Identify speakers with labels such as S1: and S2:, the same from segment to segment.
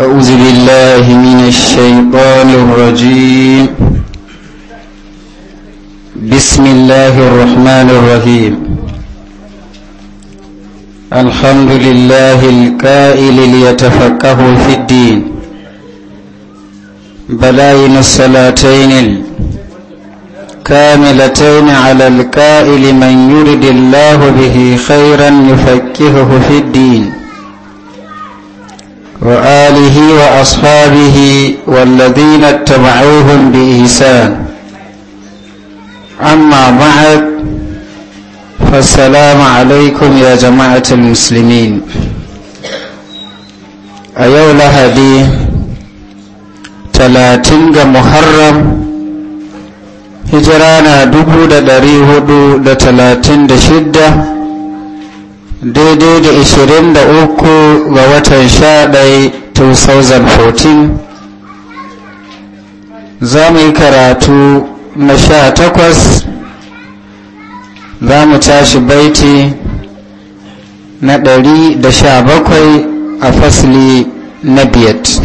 S1: أعوذ بالله من الشيطان الرجيم بسم الله الرحمن الرحيم الحمد لله الكائل ليتفكه في الدين بلاين الصلاتين كاملتين على الكائل من يرد الله به خيرا يفكهه في الدين وآله وأصحابه والذين اتبعوهم بإحسان أما بعد فالسلام عليكم يا جماعة المسلمين أيولا لهدي تلاتين محرم هجرانا hijira na dubu دشده daidai da 23 ga watan 11 2014 za mu yi karatu na sha takwas za mu tashi baiti na ɗari da sha bakwai a fasli na biyat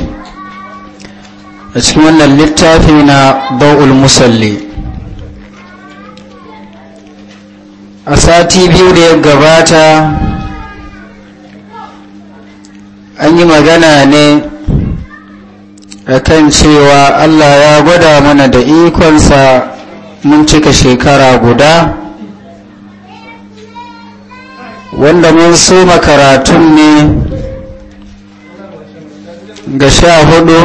S1: a cikin wannan littafi na ba'ul musalli a sati biyu da ya gabata an yi magana ne a kan cewa Allah ya gwada mana da ikonsa mun cika shekara guda wanda mun soma karatun ne ga sha hudu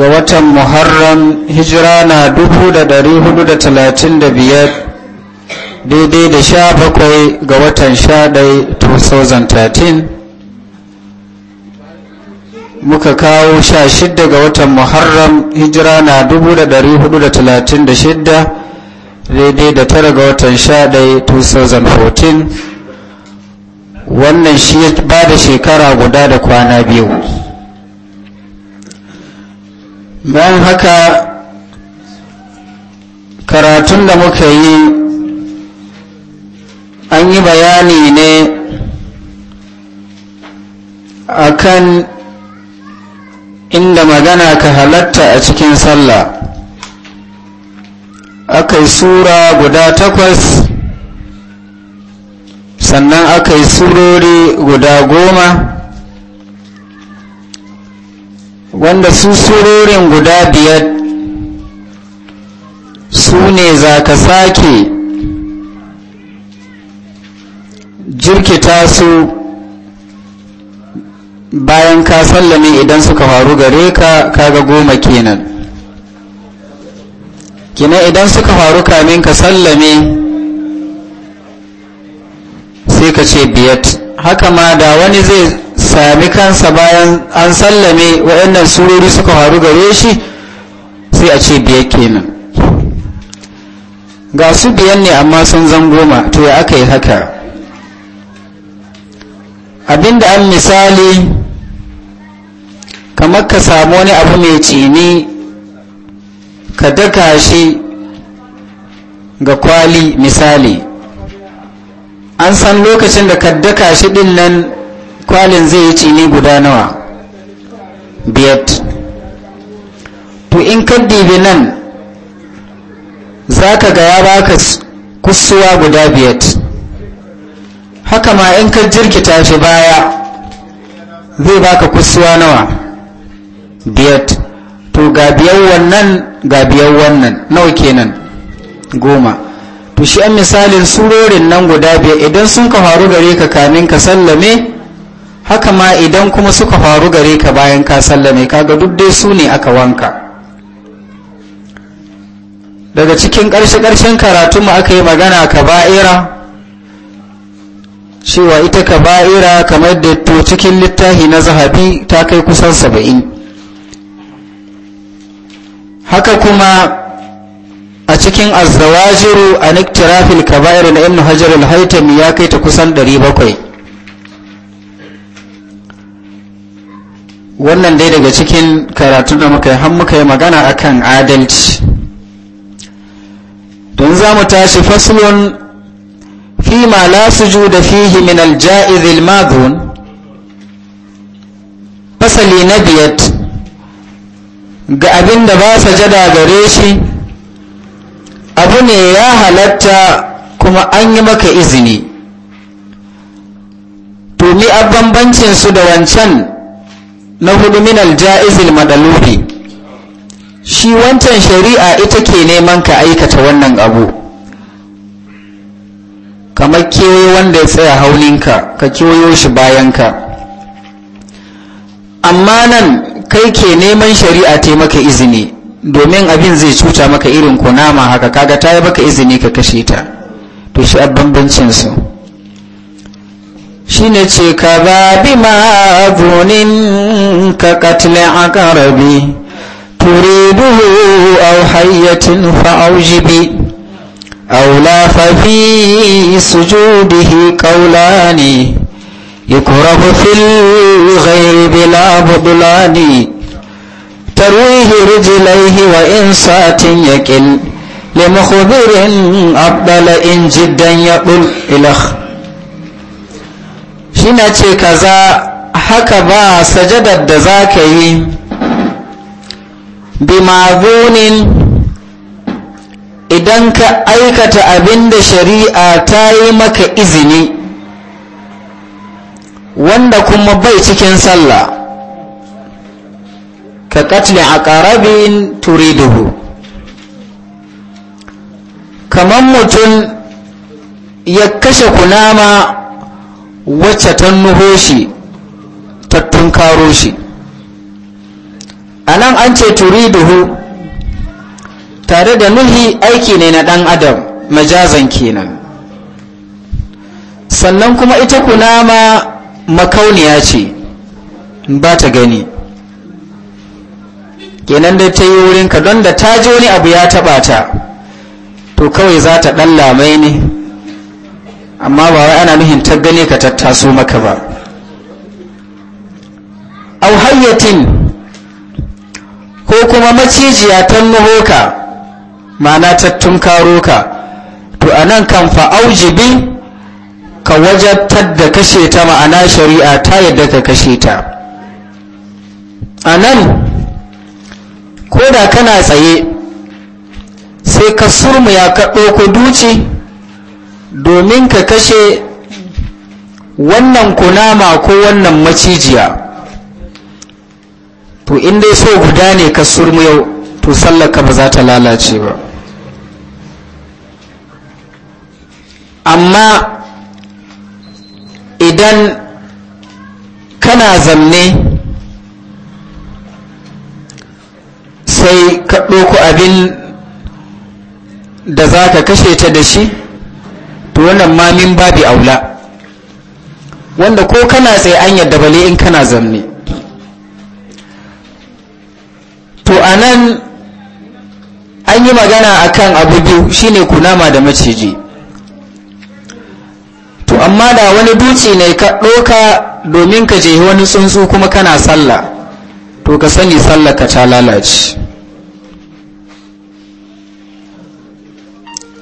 S1: ga watan muharram hijira na dubu da dari hudu da talatin da biyar daidai da sha bakwai ga watan sha 2013 muka kawo sha shidda ga watan muharram hijira na 436 daidai da tara ga watan sha 2014 wannan shi ba da shekara guda da kwana biyu bayan haka karatun da muka yi an yi bayani ne akan inda magana ka halatta a cikin sallah aka yi sura guda takwas sannan aka yi surori guda goma wanda su surorin guda biyar su ne za ka sake jirkita su bayan ka sallame idan suka faru gare ka kaga goma kenan kina idan suka faru kamin ka sallame sai ka ce biyat haka ma da wani zai sami kansa bayan an sallame waɗannan surori suka faru gare shi sai a ce biyar kenan ga su biyan ne amma sun zan goma to ya aka yi haka abinda an misali kamar ka samu wani abu mai cini ka daka shi ga kwali misali an san lokacin da ka daka shi din nan kwalin zai yi cini guda nawa biyat to in ka dibi nan za ka ga ya baka kusuwa guda biyat haka ma in ka jirkita shi baya zai baka kusuwa nawa biyat to ga biyar wannan ga biyar wannan nawa kenan goma to shi an misalin surorin nan guda biyar idan sun ka faru gare ka kamin ka sallame haka ma idan kuma suka faru gare ka bayan ka sallame kaga duk dai su ne aka wanka daga cikin ƙarshe-ƙarshen mu aka yi magana ka ba'ira cewa ita ka ba'ira kamar da to cikin littafi na zahabi ta kai kusan saba'in haka kuma a cikin azawajiru a niktirafil kaba'ir na ibn hajar al ya kai ta kusan 700 wannan dai daga cikin karatun da muka yi har muka yi magana akan adalci don za mu tashi faslun fi ma la da fihi min al-ja'iz al-madhun fasali na biyat ga abin da ba jada gare shi abu ne ya halatta kuma an yi maka izini to mi a bambancin su da wancan na hudu min alja'izil madalubi shi wancan shari'a ita ke neman ka aikata wannan abu kamar kewaye wanda ya tsaya haulinka ka kewayo shi bayanka amma nan kai ke neman shari'a ta maka izini domin abin zai cuta maka irin kunama haka kaga ta yi maka izini ka kashe ta to shi ne su Shi ne ce ka ba bi ma zunin ka katle a karabi turiduhu au hayyatin fa'aujibi aula su fi kaula ne. يكره في الغيب لا بطلان ترويه رجليه وإن سات يكل لمخبر أبدل إن جدا يقول إلخ shine ce kaza haka ba sajadar da za ka yi bimagunin idan ka aikata abin da shari'a ta yi maka izini wanda kuma bai cikin sallah ka katli a ƙarabin turiduhu kamar mutum ya kashe kunama wacce ta nuho shi ta tunkaro shi a nan an ce turiduhu tare da nuhi aiki ne na ɗan adam majazan kenan sannan kuma ita kunama makauniya ce ba ta gani kenan dai ta yi wurinka don da ta ji wani abu ya taɓa ta to kawai za ta ɗan lamai ne amma ba wai ana nuhin ta gane ka tattaso maka ba au hayyatin ko kuma macijiya ta nuho ka ma'ana ta tunkaro ka to a nan kan aujibi. ka wajabtar da kashe ta ma'ana shari'a ta yadda ka kashe ta a nan ko da kana tsaye sai ka ya kaɗo ɗauko duci domin ka kashe wannan kunama ko wannan macijiya to in dai so guda ne ka yau to sallaka ba za ta lalace ba amma idan kana zamne sai ka ɗoku abin da za ka kashe ta da shi to wannan mamin babi aula wanda ko kana tsaye an yadda bale in kana zamne to anan nan an yi magana akan abu biyu shine kunama da maciji amma da wani duci ne ka ɗoka domin ka je wani tsuntsu kuma kana sallah to ka sani sallah ka ta lalace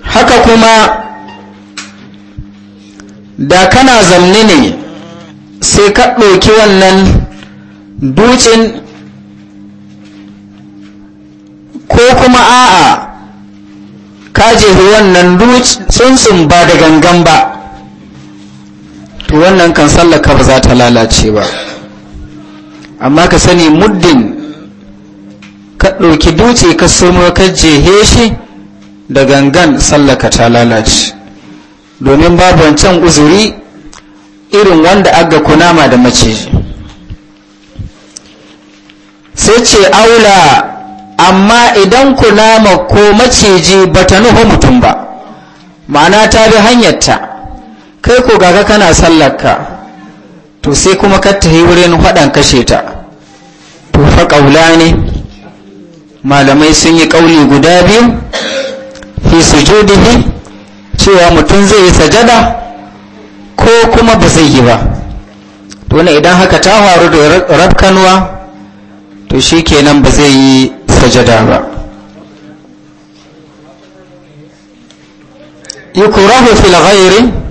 S1: haka kuma da kana zamni ne sai ka ɗauki wannan ducin ko kuma a'a ka jehu wannan tsuntsun ba da gangan ba to wannan kan sallaka ba za ta lalace ba amma ka sani muddin ka ɗauki dutse ka sumo ka jehe shi da gangan sallaka ta lalace domin babu wancan uzuri irin wanda aga kunama da maciji sai ce aula amma idan kunama ko maciji ba ta nufa mutum ba ma'ana ta bi hanyarta kai ko gaga kana sallarka to sai kuma ka yi wurin faɗan kashe ta to fa ƙaula ne malamai sun yi ƙauli guda biyu fi sujudihi cewa mutum zai yi sajada ko kuma ba zai yi ba to wannan idan haka ta faru da rafkanuwa to shi kenan ba zai yi sajada ba yukurahu fil ghairi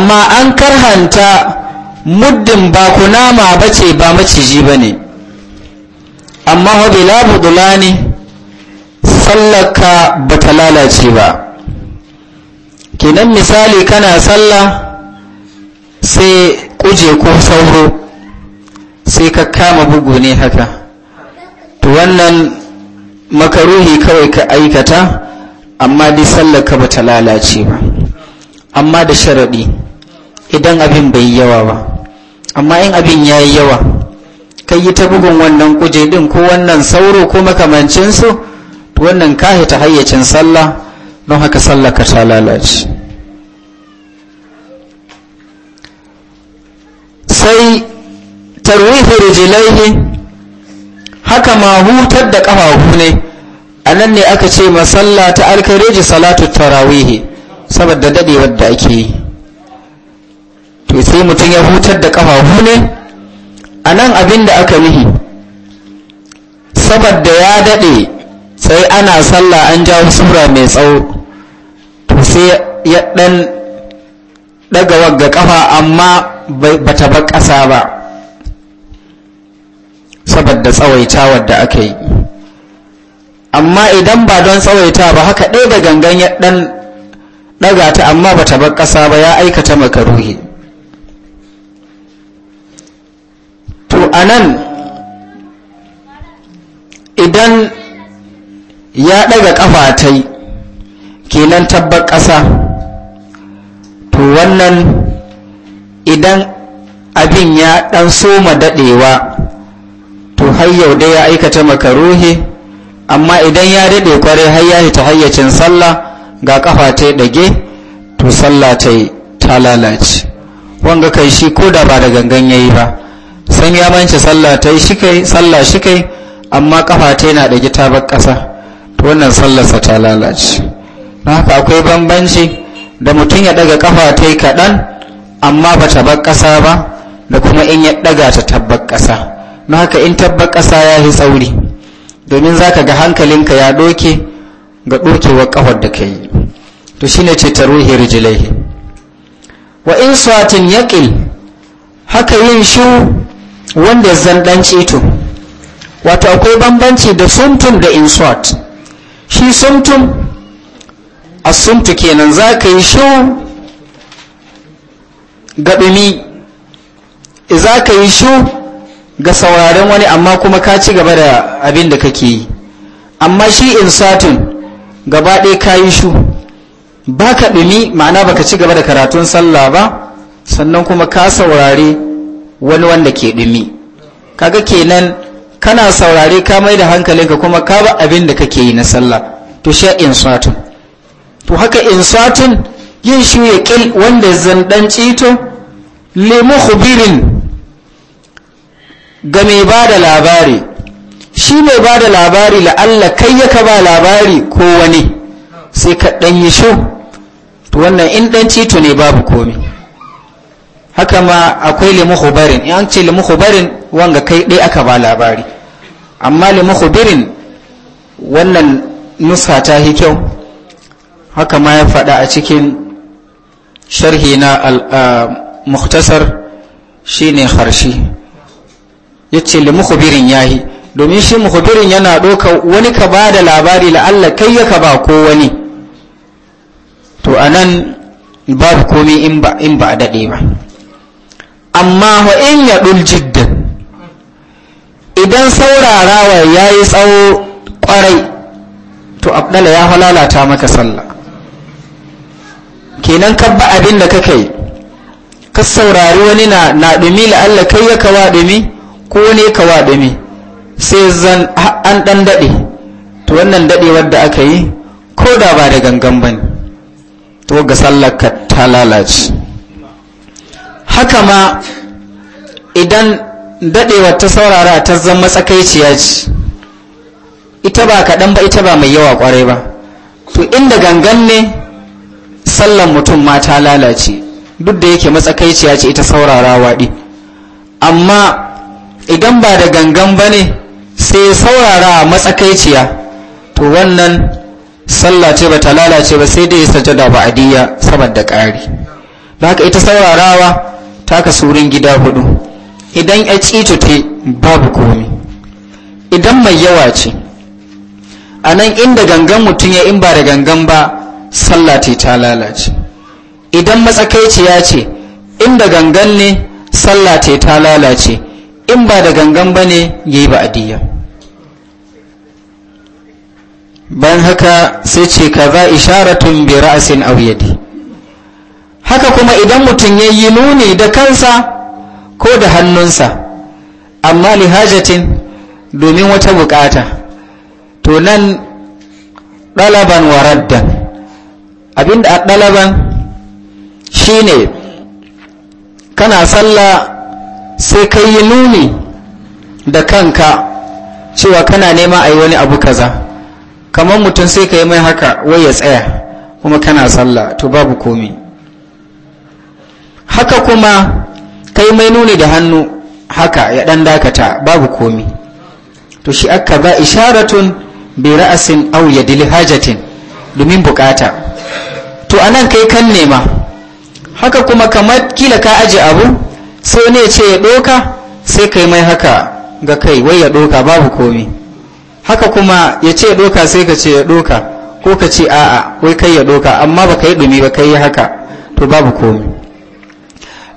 S1: amma an karhanta muddin ba nama ba ce ba maciji ba ne amma wabila budula ne sallaka ba ta lalace ba kenan misali kana sallah sai kuje ko sauro sai ka kama bugu ne haka to wannan makaruhi kawai ka aikata amma dai sallaka ba ta lalace ba amma da sharaɗi idan abin bai yi yawa ba amma in abin ya yi yawa kai yi ta bugun wannan kuje din ko wannan sauro ko makamancinsu wannan kahi ta hayyacin sallah don haka sallah ka ta lalace sai tarwihi rijilaihi haka ma hutar da ƙafafu ne a nan ne aka ce masalla ta alkareji salatu tarawihi saboda dadewar da ake yi to sai mutum ya hutar da kafa ne a nan abin da aka nihi saboda ya daɗe sai ana sallah an jawo sura mai tsawo to sai ya ɗan ɗaga wagga ƙafa amma ba ta bar ƙasa ba saboda tsawaita wadda aka yi amma idan ba don tsawaita ba haka ɗaya da gangan ya ɗan ɗaga ta amma ba ta bar ƙasa ba ya aikata makaruhi anan nan idan ya daga ɗaga tai kenan tabbar kasa to wannan idan abin ya dan soma dadewa to hayyau dai ya aikata makaruhi amma idan ya dade kwarai har ya ta hayyacin sallah ga kafa ta dage to sallah ta ta lalace wanga kai shi ko da ba da gangan yayi ba san ya manci sallah ta yi kai sallah kai amma kafa ta yana da gita bar ƙasa to wannan sallarsa ta lalace na haka akwai bambanci da mutum ya daga kafa ta yi kaɗan amma ba ta bar ƙasa ba da kuma in ya daga ta tabbar ƙasa na haka in tabbar ƙasa ya yi tsauri domin za ka ga hankalinka ya doke ga ɗokewar ƙafar da ka yi to shi ne ce ta ruhi rijilai wa in swatin yaƙil haka yin shu wanda zan dan ceto wato akwai bambanci da sumtum da insult shi sumtum a sumtu kenan za ka yi shiru ga ɗumi za ka yi shiru ga sauraren wani amma kuma ka ci gaba da abin da kake yi amma shi insuwatun gaba ɗaya ka yi shu ba ka ɗumi ma'ana ba ka ci gaba da karatun sallah ba sannan kuma ka saurare wani wanda ke dumi kaga kenan kana saurare ka mai da hankalinka kuma ka ba abin da kake yi na sallah to sha in satun to haka in satun yin shi ya kil wanda zandan cito limu khubirin ga mai ba da labari shi mai ba da labari la'alla kai ya ka ba labari ko wani sai ka ɗanyi shu to wannan in ɗan cito ne babu komi haka ma akwai limu hubarin in an ce limu hubarin wanga kai ɗaya aka ba labari amma limu hubarin wannan nusa ta yi kyau haka ma ya faɗa a cikin sharhi na muhtasar shine harshi ya ce limu hubarin ya yi domin shi muhubirin yana ɗauka wani ka ba da labari la'alla kai ya ka ba ko wani to a nan babu komi in ba a daɗe ba amma wa in ya jiddan idan saurarawa ya yi tsawo kwarai to abdala ya halalata maka sallah kenan ka ba abin da kaka yi ka saurari wani na naɗumi la'alla kai ya kawa dumi ko ne kawa dumi sai zan an dan daɗe to wannan daɗewar da aka yi ko da ba da gangan bane to ga Sallah ka ta lalace haka ma idan daɗewa ta saurara ta zama tsakaiciya ce ita ba kaɗan ba ita ba mai yawa kwarai ba to inda gangan ne sallan mutum ma ta lalace duk da yake matsakaiciya ce ita saurara waɗi amma idan ba da gangan ba ne sai saurara matsakaiciya to wannan sallah ce ba ta lalace ba sai dai sajada ba adiya saboda ƙari da haka ita saurarawa ta kasurin gida hudu idan ya babu komi idan mai yawa ce a nan inda gangan mutum ya in ba da gangan ba sallati ta lalace idan matsakaiciya ce inda gangan ne sallati ta lalace in ba da gangan ba ne ya yi ba ba'adiyya ban haka sai ce ka za isharatun bi ra'asin auyadi haka kuma idan mutum ya yi nuni da kansa ko da hannunsa amma lihajatin domin wata bukata to nan ɗalaban wa abinda a ɗalaban shine kana sallah sai ka yi nuni da kanka cewa kana nema a yi wani abu kaza kamar mutum sai ka yi mai haka wai ya tsaya kuma kana sallah to babu komi haka kuma kai mai nuni da hannu haka ya dan dakata babu komi to shi aka ba isharatun bi ra'asin aw yadil hajatin domin bukata to anan kai kan nema haka kuma kamar kila ka aje abu sai ne ce ya doka sai kai mai haka ga kai wai ya doka babu komi haka kuma ya ce doka sai ka ce ya doka ko ka ce a'a wai kai ya doka amma baka yi dumi ba kai haka to babu komi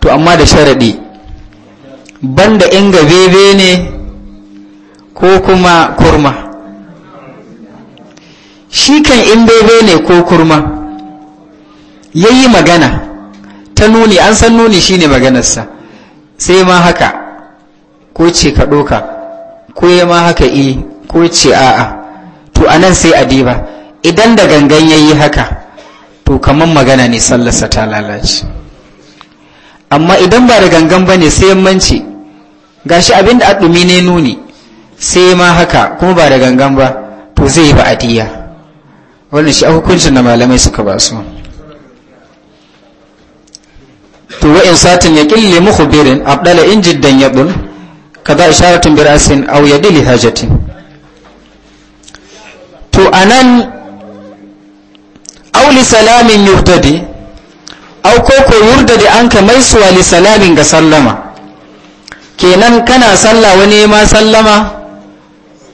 S1: to amma da sharaɗi banda in ga bebe ne ko kuma kurma shi kan in bebe ne ko kurma ya yi magana ta nuni an san nuni shi ne maganarsa sai ma haka ko ce ka ɗoka ko ya ma haka yi eh, ko ce a'a to a nan sai a diba idan da gangan ya yi haka to kamar magana ne sallarsa ta lalace amma idan ba da gangan ba ne sai yammanci gashi abin da aɗumi ne nuni sai ma haka kuma ba da gangan ba to zai yi ba'adiyya wannan shi a hukuncin da malamai suka ba su to wa'in satin ya ƙille muku birin abdala in jiddan za a sharatun birasin aw dili hajatin to anan auli salamin yuhtadi au ko ko anka da an salamin ga sallama kenan kana salla wani ma sallama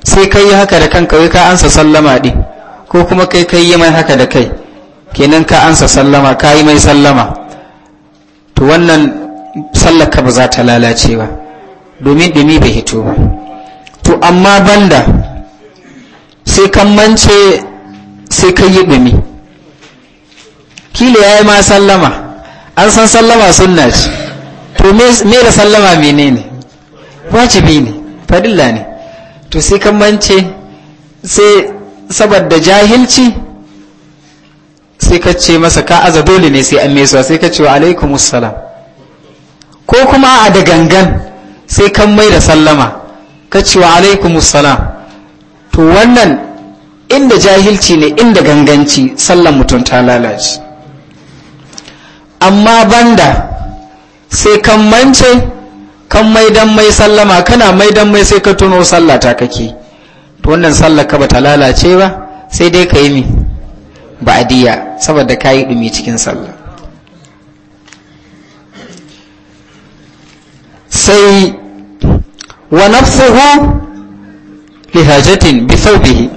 S1: sai kai yi haka da kanka kai ka ansa sallama din ko kuma kai kai yi mai haka da kai kenan ka ansa sallama ka yi mai sallama to wannan sallar ka ba za ta lalace ba domin dumi bai hito ba to amma banda sai kan mance sai kai yi dumi kila ya yi ma sallama an san sallama sunna ce to me da sallama menene wajibi ne fadilla ne to sai kan mance sai saboda jahilci sai ka ce masa ka aza dole ne sai an mesuwa sai ka ce wa salam ko kuma a da gangan sai kan mai da sallama ka ce wa salam to wannan inda jahilci ne inda ganganci sallan mutum ta lalace amma banda sai kan mance kan maidan mai sallama kana maidan mai sai ka tuno sallata kake to wannan sallar ka bata lalace ba sai dai ka yi mi ba'adiyya saboda ka yi dumi cikin sallah sai wa nafsuhu lihajatin bi thawbihi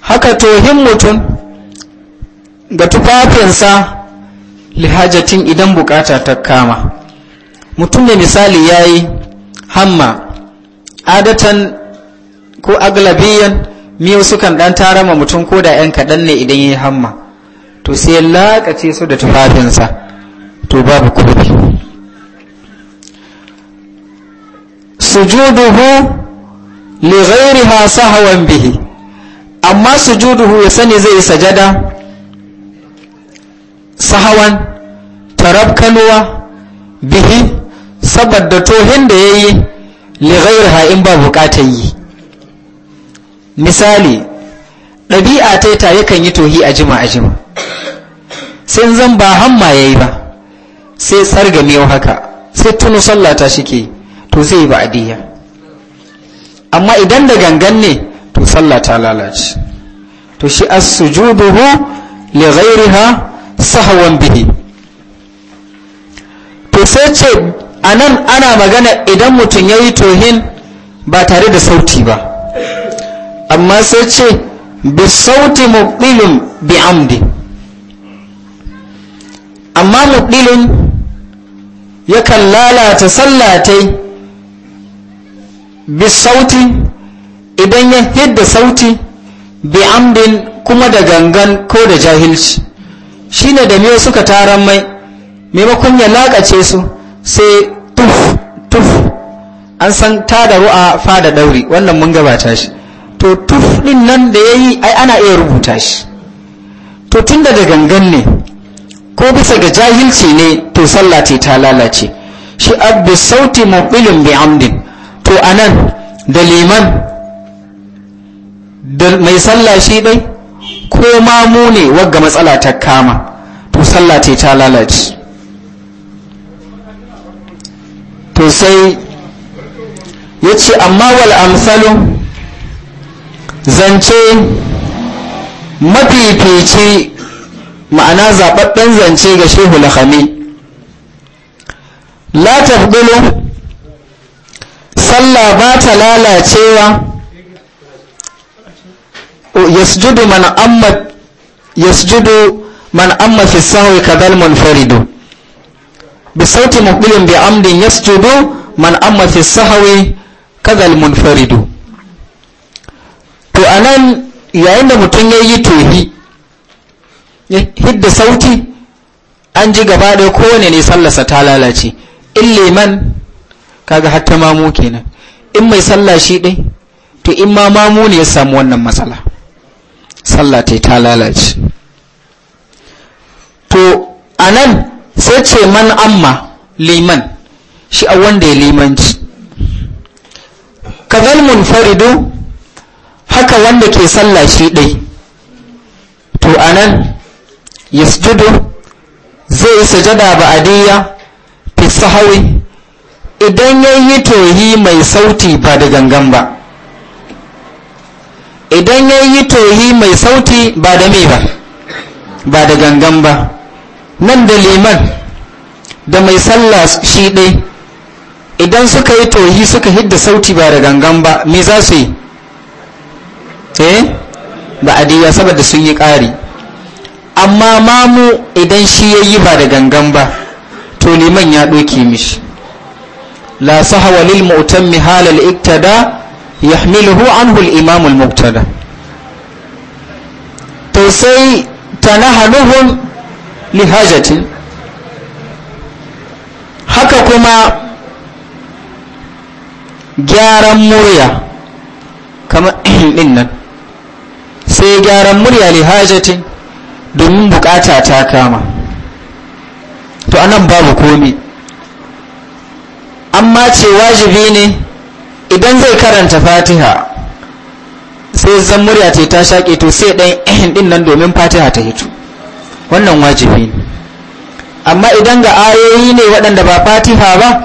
S1: haka tohin mutum ga tufafinsa lihajatin idan bukata ta kama mutum da misali ya yi hamma adatan ko aglabiyan miyau sukan dan tara ma mutum ko da 'yan kaɗan ne idan ya yi hamma to sai ya lakace su da tufafinsa to babu kofi sujuduhu li ghairiha sahawan bihi amma sujuduhu ya sani zai yi sajada sahawan tarabkanuwa bihi saboda tohin da ya yi lighairha in ba bukatar yi misali ɗabi'a ta ta yakan yi tohi a jima a jima sai zan ba hamma ya yi ba sai tsargamiyau haka sai tunu sallata shike to zai ba adiya amma idan da gangan ne to ta lalace to shi as-sujuduhu li ghairiha sahawan bihi to sai ce a nan ana magana idan mutum ya yi tohin ba tare da sauti ba amma sai ce bi sauti mubilin bi amdi amma mubilin yakan lalata sallatai bi sauti idan ya hidda sauti bi amdin kuma da gangan ko da jahilci shine da miyo suka taran mai maimakon ya lakace su sai tuf tuf an san ta da ru'a fa da dauri wannan mun gabata shi to tuf din nan da yayi ai ana iya rubuta shi to tunda da gangan ne ko bisa ga jahilci ne to sallah ce ta lalace shi abdu sauti mubilin bi amdin to anan da liman da mai sallah shi dai ko ma mu ne wagga matsala ta kama to sallah ce ta lalace to sai ya ce amma wal amsalu zance mafifici ma'ana zaɓaɓɓen zance ga shehu lahami la tafdulu sallah ba ta lalacewa yasjudu man amma yasjudu man amma fi sahwi kadal munfaridu bi sauti muqbilin bi amdin yasjudu man amma fi sahwi kadal munfaridu to anan yayin da mutun yayi yi tohi hidda sauti an ji gaba ko kowane ne sallarsa ta lalace illa man kaga hatta mamu kenan in mai sallah shi dai to in ma mamu ne ya samu wannan matsala sallah ta yi ta lalace to a nan sai ce man amma liman shi a wanda ya limanci kazal munfaridu haka wanda ke sallah shi ɗai to a nan yasjudu zai yi sujada ba'adiyya fi sahawi idan ya yi tohi mai sauti ba da gangan ba idan ya yi tohi mai sauti ba da mai ba ba da gangan ba nan da liman da mai sallah shi ɗai idan suka yi tohi suka hidda sauti ba da gangan ba me za su yi eh ba adiya saboda sun yi ƙari amma mamu idan shi ya yi ba da gangan ba to liman ya ɗoke mishi la sahawa lil mu'tammi halal iktada yahmiluhu anhu al-imam al-muqtada to sai tanahaluhum li hajatin haka kuma gyaran murya kamar din nan sai gyaran murya li hajatin domin bukata ta kama to anan babu komi amma ce wajibi ne idan zai karanta fatiha sai zan murya ta ta shaƙe to sai ɗan ehin ɗin nan domin fatiha ta hito wannan wajibi ne amma idan ga ayoyi ne waɗanda ba fatiha ba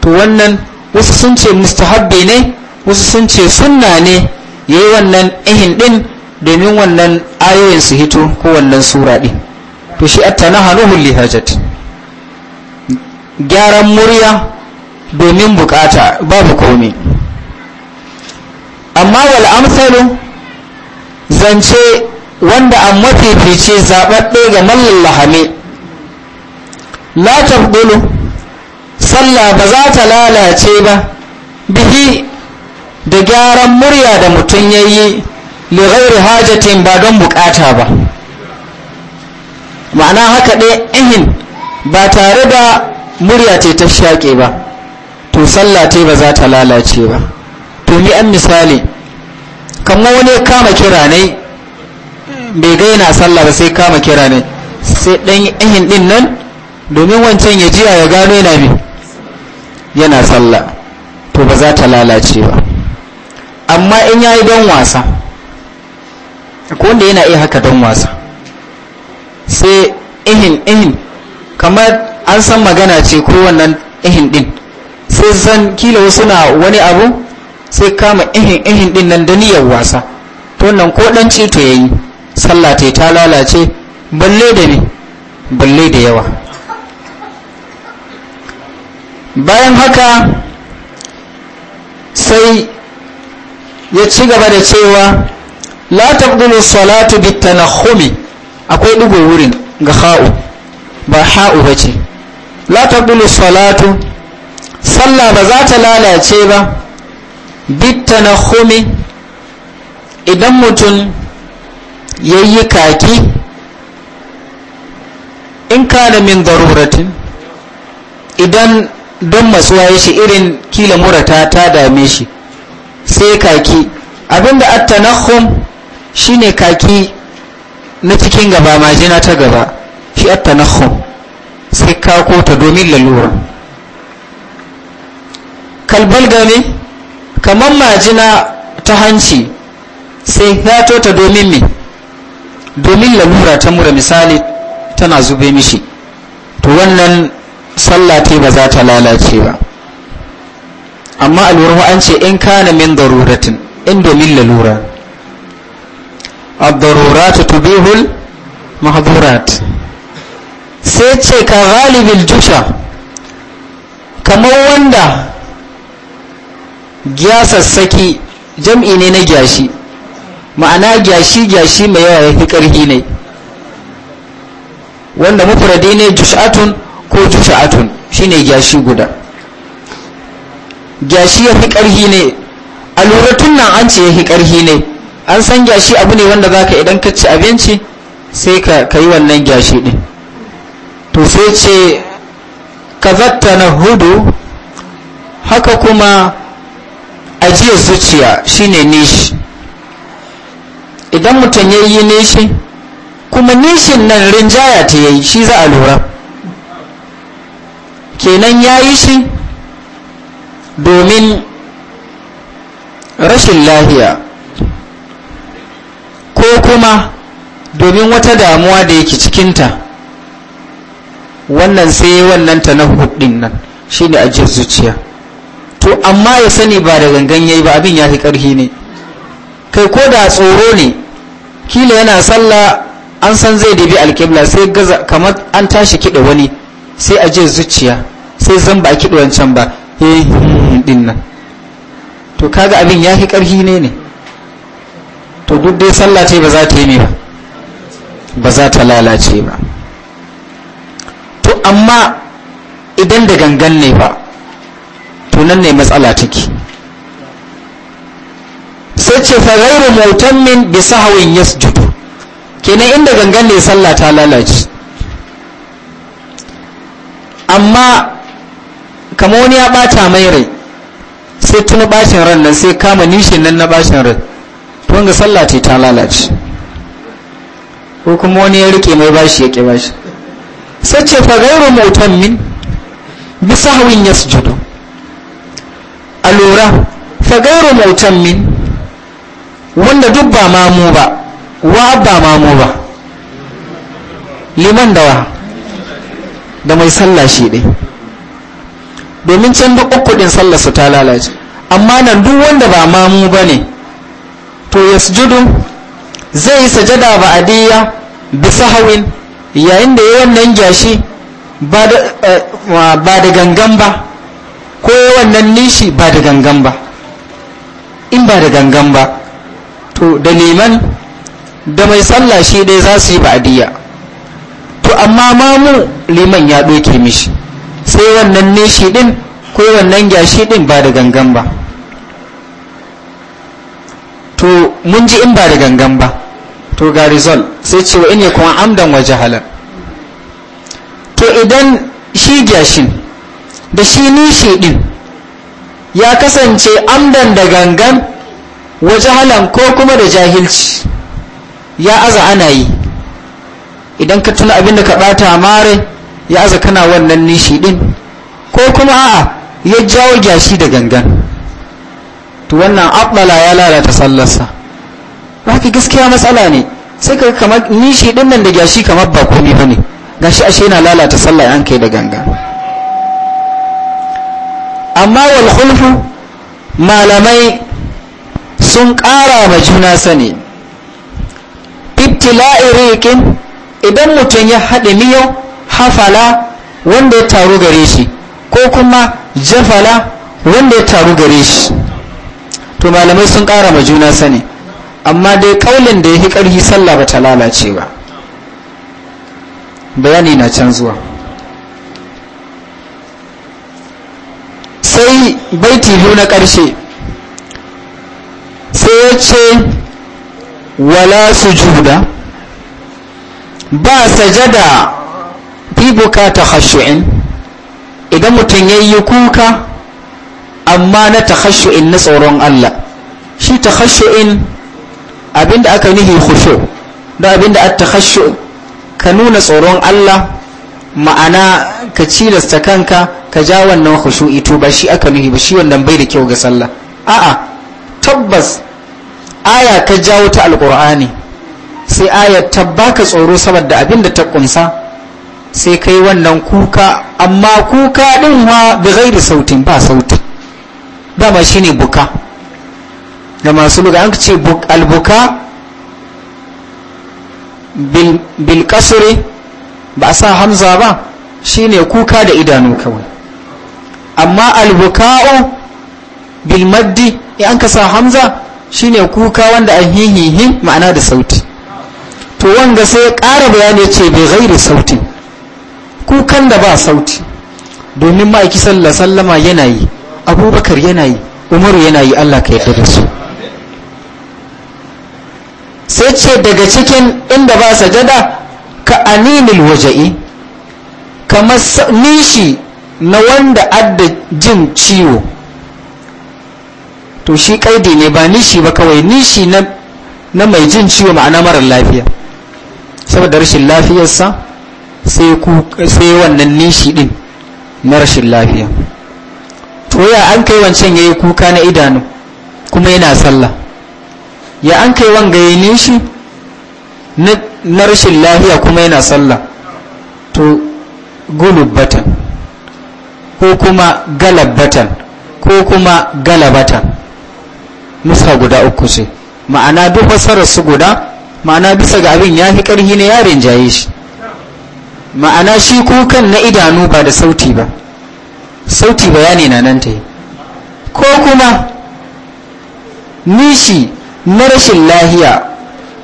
S1: to wannan wasu sun ce mustahabbi ne wasu sun ce sunna ne ya yi wannan ihin ɗin domin wannan ayoyin su hito ko wannan sura ɗin to shi atta na hanuhun lihajat gyaran murya domin bukata babu komai amma wal amsalu zance wanda an mafifice zaɓaɓɓe ga mallan lahame la tafdulu sallah ba za ta lalace ba bihi da gyaran murya da mutum ya yi lighairi hajatin ba don bukata ba ma'ana haka ɗaya ihin ba tare da murya ce ta shaƙe ba to sallah ta ba za ta lalace ba to ni an misali kamar wani ya kama kira ne bai ga yana sallah ba sai kama kira ne sai dan ihin din nan domin wancan ya jiya ya gano yana bi yana sallah to ba za ta lalace ba amma in yayi don wasa ko wanda yana iya haka don wasa sai ihin ihin kamar an san magana ce ko wannan ihin din sai zan kila wasu na wani abu sai kama ihin ihin din nan da niyyar wasa to nan ko dan ceto yayi sallah ta ta lalace balle da ne balle da yawa bayan haka sai ya ci gaba da cewa la tabdulu salatu bitanahumi akwai digo wurin ga ha'u ba ha'u bace la taqdulu salatu sallah ba za ta lalace ba bitta na idan mutum ya yi kaki in kana min daruratin idan don matsuwa ya shi irin kila murata ta dame shi sai kaki abinda attanahum shine kaki na cikin gaba majina ta gaba shi attanahum sai kako ta domin lalura kalbal gani. kamar majina ta hanci sai gato ta domin me domin lalura ta mura misali tana zube mishi to wannan sallah ta ba za ta lalace ba amma alwarwa an ce in kana min daruratin in domin lalura ad-daruratu tubihul mahdurat sai ce ka galibin jusha kamar wanda gya sassaki jam'i ne na gyashi ma'ana gyashi gyashi mai yawa ya fi ƙarfi ne wanda mafuradi ne jush'atun ko jush'atun shine gyashi guda gyashi ya fi ƙarfi ne a lura tun nan an ce ya fi ƙarfi ne an san gyashi abu ne wanda zaka idan ka ci abinci sai ka yi wannan gyashi ɗin to sai ce ka zatta na hudu haka kuma ajiyar zuciya shine nishi idan mutum ya yi nishi kuma nishin nan rinjaya ta yayi shi za a lura kenan ya yi shi domin rashin lahiya ko kuma domin wata damuwa da yake cikinta wannan sai wannan ta na hudin nan shi ajiyar zuciya to amma ya sani ba da gangan yayi ba abin ya fi ƙarfi ne kai ko da tsoro ne kila yana sallah an san zai dibi alƙibla sai gaza kamar an tashi kiɗa wani sai a je zuciya sai zan ba kiɗa wancan ba eh din nan to kaga abin ya fi ƙarfi ne ne to duk dai sallah ce ba za ta yi ne ba ba za ta lalace ba to amma idan da gangan ne ba to nan ne matsala take sai ce fa ghairu mutammin bi sahwin yasjudu kenan inda gangan ne sallah ta lalace amma kamar wani ya bata mai rai sai tuna bashin ran nan sai kama nishin nan na bashin rai tun ga sallah ce ta lalace ko kuma wani ya rike mai bashi ya ke bashi sai ce fa ghairu mutammin bi sahwin yasjudu a lura fagairu mautan min wanda duk ba mamu ba wa ba mamu ba liman da wa da mai sallah shi ɗai domin can duk uku sallah su ta lalace amma nan duk wanda ba mamu ba ne to ya sujudu zai yi sajada ba a adiya bisa hawin yayin da ya wannan gyashi ba da eh, gangan ba ko wannan nishi ba da gangan ba in ba da gangan ba to da liman da mai sallah shi dai za su yi ba'adiyya to amma mamu liman ya doke mishi sai wannan nishi ɗin ko wannan gyashi ɗin ba da gangan ba to mun ji in ba da gangan ba to ga result sai cewa in ya kuma amdan wa jahalar to idan shi gyashin da shi nishe ɗin ya kasance amdan da gangan waje halan ko kuma da jahilci ya aza ana yi idan ka tuna abin da ka ɓata mare ya aza kana wannan nishi ɗin ko kuma a'a ya jawo gyashi da gangan to wannan aɓala ya lalata sallarsa haka gaskiya matsala ne sai ka kamar nishi ɗin nan da gyashi kamar ba komi ba ne gashi ashe yana lalata sallar an kai da gangan amma wal malamai sun ƙara ma juna sani ibtila'i riqin idan mutum ya haɗe miyau hafala wanda ya taru gare shi ko kuma jafala wanda ya taru gare shi to malamai sun ƙara ma juna sani amma dai ƙaunin da ya fi ƙarfi sallah ba ta lalace ba bayani na can zuwa sai baiti biyu na ƙarshe sai ya ce wala juda ba sajada fibuka ta khashu'in idan mutum ya yi kuka amma na ta takhashu'in na tsoron Allah shi ta takhashu'in abinda aka nihi kusho da abinda ta takhashu ka nuna tsoron Allah ma'ana ka cilasta kanka ka ja wannan khushu'i to ba shi aka nuhi ba shi wannan bai da kyau ga sallah a'a tabbas aya ka jawo ta alqur'ani sai aya ta baka tsoro saboda abin da ta kunsa sai kai wannan kuka amma kuka din ma bi ghairi sautin ba sauti dama shine buka da masu luga an ce albuka bil kasure ba a sa hamza ba shine kuka da idanu kawai amma albuka'u bil maddi ya an kasa hamza shine kuka wanda an hihihi ma'ana da sauti to wanga sai ya ƙara bayani ce bai gairi sauti kukan da ba sauti domin ma'aiki sallah sallama yana yi abubakar yana yi umaru yana yi allah ka yarda da su sai ce daga cikin inda ba sajada ka aninil waja'i kamar nishi na wanda adda jin ciwo to shi kaidi ne ba nishi ba kawai nishi na na mai jin ciwo ma'ana marar lafiya saboda rashin lafiyarsa sai sai wannan nishi din na rashin lafiya to ya an kai wancan yayi kuka na idanu kuma yana sallah ya an kai wanga yayi nishi na rashin lafiya kuma yana sallah to gulubatan ko kuma galabatan ko kuma galabatan nusa guda uku ce ma'ana duk fasarar su guda ma'ana bisa ga abin ya fi ƙarhi na yarin jaye shi ma'ana shi kukan na idanu ba da sauti ba sauti bayani na nan ta yi ko kuma nishi na rashin lahiya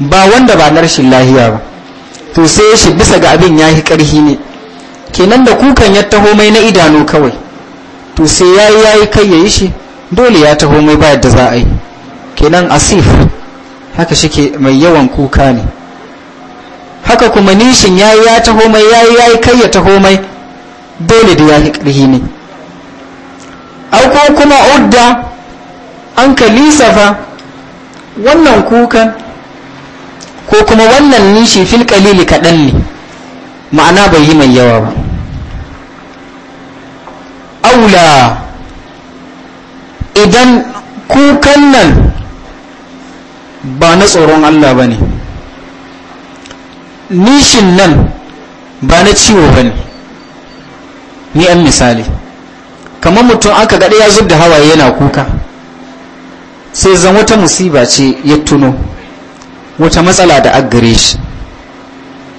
S1: ba wanda ba na rashin lahiya ba to sai shi bisa ga abin ya fi ƙarfi ne kenan da kukan ya taho mai na idanu kawai to sai yayi yayi kai yayi shi dole ya taho mai ba yadda za a yi kenan asif haka shike mai yawan kuka ne haka kuma nishin yayi ya taho mai yayi yayi kai ya taho mai dole da ya yi karhi ne auko kuma udda an ka lisafa wannan kukan ko kuma wannan nishi fil kalili kaɗan ne ma'ana bai yi mai yawa ba aula idan kukan nan ba na tsoron Allah ba ne nishin nan ba na ciwo ba ne ni an misali kamar mutum aka gaɗe ya zub da hawaye yana kuka sai zan wata musiba ce ya tuno wata matsala da agare shi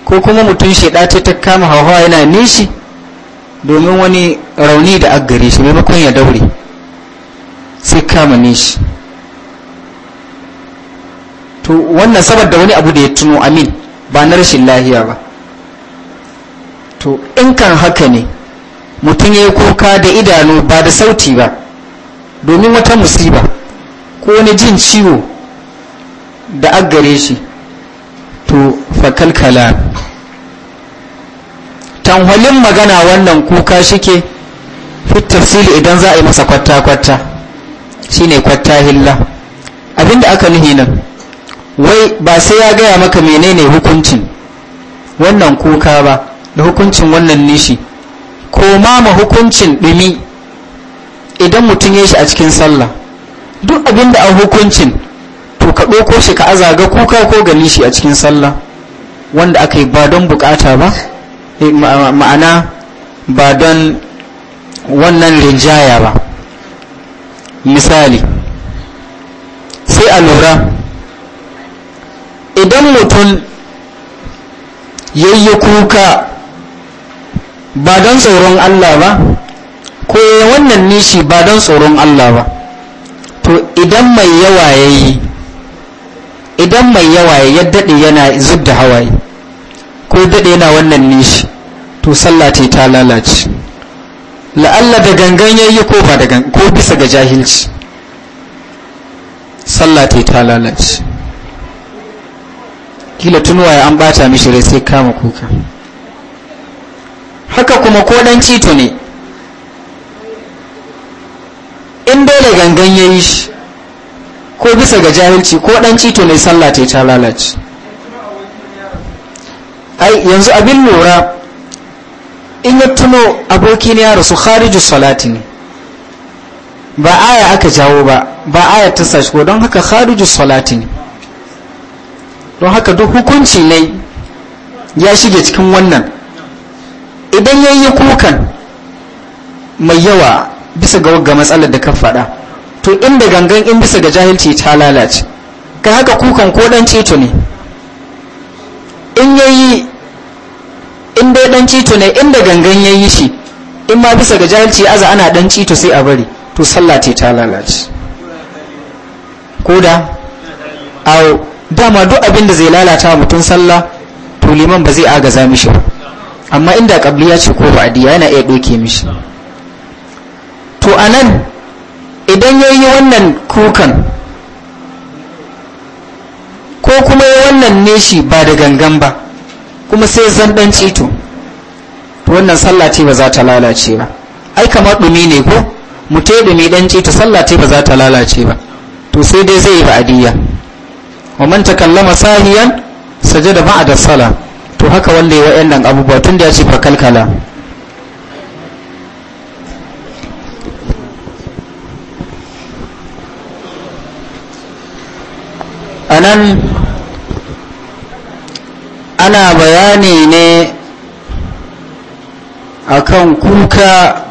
S1: ko kuma mutum shaida ta kama hawa yana nishi domin wani rauni da agare shi maimakon ya daure sai kama ne to wannan saboda wani abu da ya tuno amin ba na rashin lahiya ba to in kan haka ne mutum ya yi kuka da idanu ba da sauti ba domin wata musiba ko wani jin ciwo da agare shi to fakalkala Tanhulin magana wannan kuka shike fit tafsili idan za a yi masa kwatta-kwatta shine kwatta-hilla abinda aka nuhi nan wai ba sai ya gaya maka menene hukuncin wannan kuka ba da hukuncin wannan nishi ko ma ma hukuncin ɗumi idan mutum ya shi a cikin sallah duk abinda a hukuncin to ka ɗauko shi ka azaga kuka ko ganin shi a cikin sallah wanda aka yi ba don bukata ba Eh, ma'ana ba don wannan rinjaya ba misali sai a lura idan mutum yayi kuka ba don tsoron Allah ba ko wannan nishi ba don tsoron Allah ba to idan mai yawa yayi idan mai yawa ya daɗe yana zub da hawaye ko daɗe yana wannan nishi to sallah ta ta lalace la'alla da gangan yayi ko ba da ko bisa ga jahilci sallah ta ta lalace kila tunuwa ya an bata mishi rai sai kama kuka haka kuma ko dan cito ne in dole gangan yayi shi ko bisa ga jahilci ko dan cito ne sallah ta ta lalace ai yanzu abin lura in ya tuno abokin ya rasu kharijus salati ne ba aya aka jawo ba ba aya ta sashi ko don haka kharijus salati ne don haka duk hukunci ne ya shige cikin wannan idan ya yi kukan mai yawa bisa ga wagga matsalar da ka faɗa to inda gangan in bisa ga jahilci ta lalace ka haka kukan ko ɗan ceto ne in yayi in dai dan cito ne inda gangan yayi shi in ma bisa ga jahilci aza ana dan cito sai a bari to sallah ce ta lalace koda au dama duk abin da zai lalata mutum sallah to liman ba zai agaza mishi amma inda kabliya ce ko ba adiya yana iya doke mishi to anan idan yayi wannan kukan ko kuma ya wannan ne shi ba da gangan ba kuma sai zan dan cito to wannan sallah ce ba za ta lalace ba ai kamar dumi ne ko mutai dumi dan cito sallah ce ba za ta lalace ba to sai dai zai yi adiya wa man takallama sahiyan sajada da salah to haka wanda ya wayannan abubuwa tun da ya ce fa kalkala anan ana bayani ne akan kuka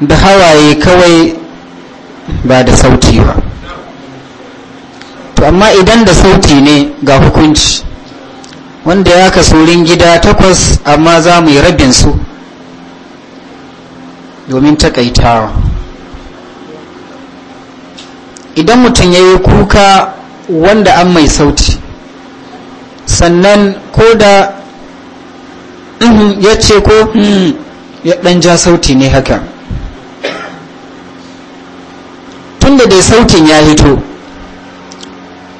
S1: da hawaye kawai ba da sauti ba to amma idan da sauti ne ga hukunci wanda ya kaso rin gida takwas amma za mu yi rabin su domin takaitawa idan mutum ya yi kuka wanda an mai sauti sannan ko da mhm, ya ce ko hmm. ya ɗan ja sauti ne haka tunda dai sautin ya hito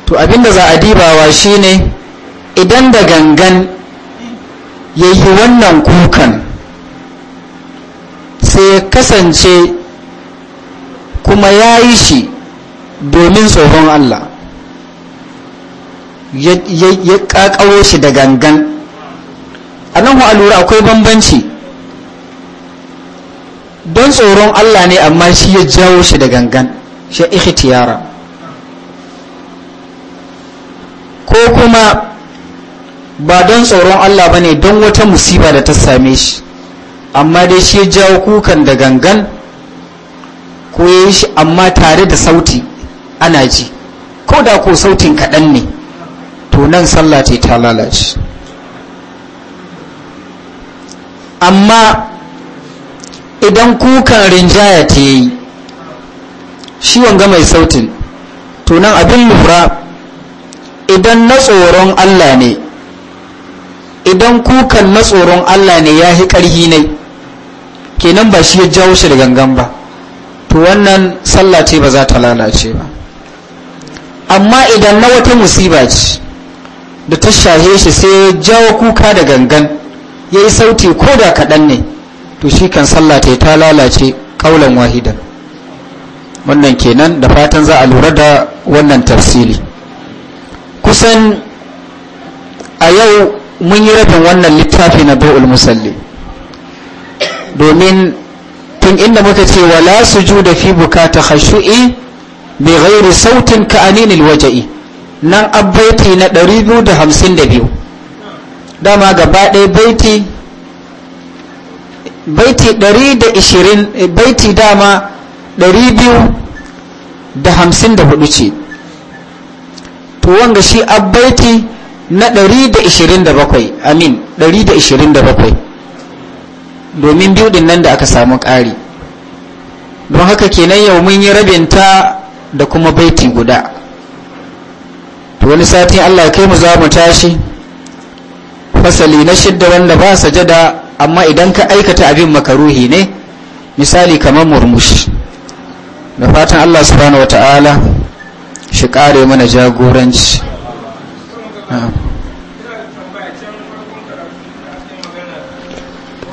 S1: to abinda za a dibawa shine idan da gangan ya yi wannan kukan sai ya kasance kuma ya yi shi domin tsohon Allah ya kakaro shi da gangan a nan a lura akwai bambanci don tsoron Allah ne amma shi ya jawo shi da gangan shi ikhtiyara ko kuma ba don tsoron Allah ba ne don wata musiba da ta same shi amma dai shi ya jawo kukan da gangan ko ya yi shi amma tare da sauti ana ji ko da ko sautin kaɗan ne to nan sallah ce ta lalace amma idan kukan rinjaya ta yi shi wanga mai sautin to nan abin lura idan na tsoron Allah ne idan kukan na tsoron Allah ne ya fi ƙarhi ne kenan ba shi ya jawo shi da gangan ba to wannan sallah ce ba za ta lalace ba amma idan na wata musiba ce da ta shahe shi sai ya jawo kuka da gangan ya yi sauti ko da kaɗan ne to shi kan sallah ta ta lalace ƙaunar wahidan wannan kenan da fatan za a lura da wannan tafsili kusan a yau mun yi rabin wannan littafi na bai'ul musalli domin tun inda muka ce wala su ju da fi bukata hashu'i bai gairi sautin ka'aninil waja'i nan abbaiti na 252 dama gaba ɗaya baiti baiti 120 eh, baiti dama 254 ce to wanga shi abbaiti na 127 amin 127 domin biyu din nan da aka samu ƙari don haka kenan yau mun yi rabinta da kuma baiti guda wani satin Allah kai mu za mu tashi fasali na shidda wanda ba sajada amma idan ka aikata abin makaruhi ne misali kamar murmushi da fatan Allah subhanahu Ta'ala shi kare mana jagoranci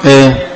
S1: eh